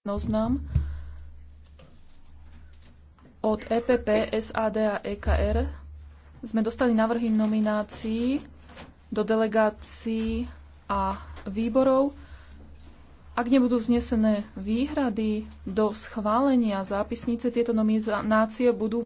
zoznam od EPP, SAD a EKR sme dostali návrhy nominácií do delegácií a výborov. Ak nebudú znesené výhrady do schválenia zápisnice, tieto nominácie budú